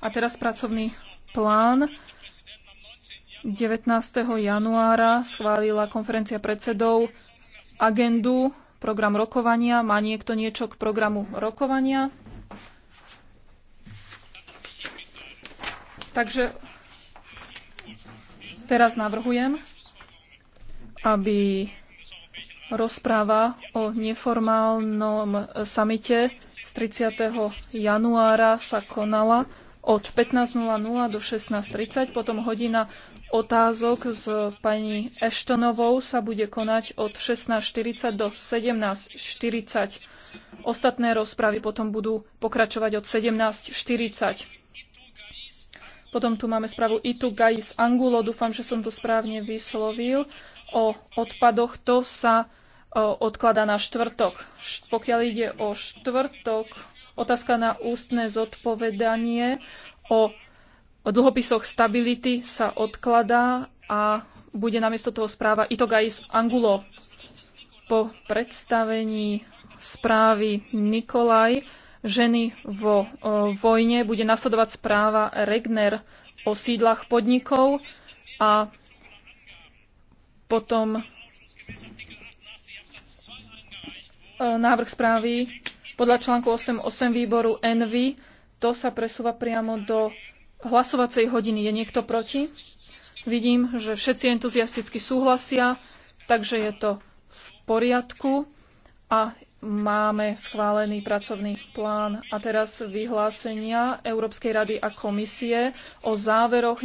A teraz pracovný plán. 19. januára schválila konferencia predsedov agendu, program rokovania. Má niekto niečo k programu rokovania? Takže teraz navrhujem, aby rozpráva o neformálnom samite z 30. januára sa konala od 15.00 do 16.30, potom hodina otázok s pani Eštonovou sa bude konať od 16.40 do 17.40. Ostatné rozpravy potom budú pokračovať od 17.40. Potom tu máme správu Itu Gais Angulo, dúfam, že som to správne vyslovil, o odpadoch. To sa e, odkladá odklada na štvrtok. Pokiaľ ide o štvrtok, otázka na ústne zodpovedanie o dlhopisoch stability sa odkladá a bude namiesto toho správa Itogais Angulo. Po predstavení správy Nikolaj ženy vo vojne bude nasledovať správa Regner o sídlach podnikov a potom e, návrh správy podľa článku 8.8 výboru NV. To sa presúva priamo do hlasovacej hodiny. Je niekto proti? Vidím, že všetci entuziasticky súhlasia, takže je to v poriadku a máme schválený pracovný plán. A teraz vyhlásenia Európskej rady a komisie o záveroch